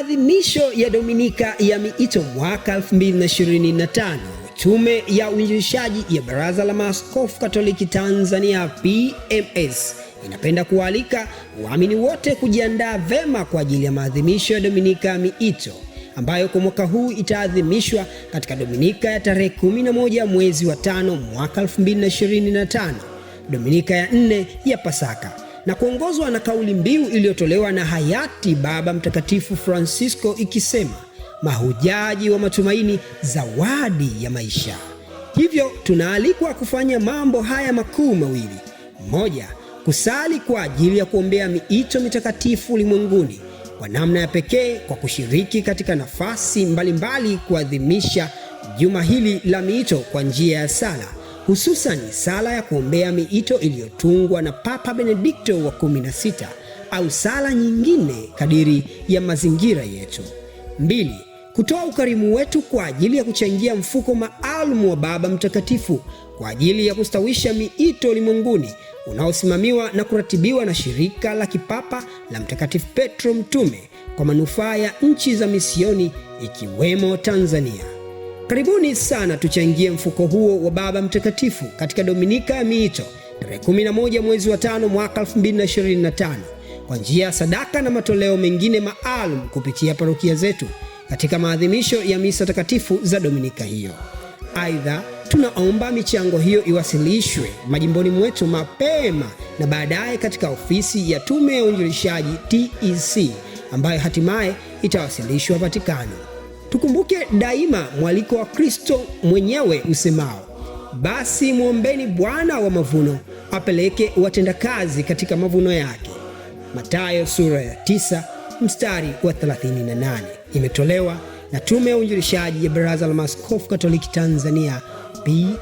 Maadhimisho ya Dominika ya Miito mwaka 2025. Tume ya Uinjilishaji ya Baraza la Maaskofu Katoliki Tanzania PMS inapenda kualika waamini wote kujiandaa vema kwa ajili ya maadhimisho ya Dominika ya Miito ambayo kwa mwaka huu itaadhimishwa katika Dominika ya tarehe 11 mwezi wa 5 mwaka 2025, Dominika ya nne ya Pasaka na kuongozwa na kauli mbiu iliyotolewa na hayati Baba Mtakatifu Francisco ikisema mahujaji wa matumaini, zawadi ya maisha. Hivyo tunaalikwa kufanya mambo haya makuu mawili: moja, kusali kwa ajili ya kuombea miito mitakatifu ulimwenguni kwa namna ya pekee kwa kushiriki katika nafasi mbalimbali kuadhimisha juma hili la miito kwa njia ya sala hususan sala ya kuombea miito iliyotungwa na Papa Benedikto wa 16 au sala nyingine kadiri ya mazingira yetu. Mbili, kutoa ukarimu wetu kwa ajili ya kuchangia mfuko maalum wa Baba Mtakatifu kwa ajili ya kustawisha miito ulimwenguni unaosimamiwa na kuratibiwa na shirika la kipapa la Mtakatifu Petro Mtume kwa manufaa ya nchi za misioni ikiwemo Tanzania. Karibuni sana tuchangie mfuko huo wa Baba Mtakatifu katika Dominika ya Miito tarehe 11 mwezi wa tano mwaka 2025 kwa njia ya sadaka na matoleo mengine maalum kupitia parokia zetu katika maadhimisho ya misa takatifu za Dominika hiyo. Aidha, tunaomba michango hiyo iwasilishwe majimboni mwetu mapema na baadaye katika ofisi ya Tume ya Uinjilishaji TEC ambayo hatimaye itawasilishwa vatikano Tukumbuke daima mwaliko wa Kristo mwenyewe usemao, basi mwombeni Bwana wa mavuno apeleke watendakazi katika mavuno yake. Mathayo sura ya 9 mstari wa 38. Imetolewa na Tume ya Uinjilishaji ya Baraza la Maaskofu Katoliki Tanzania BMA.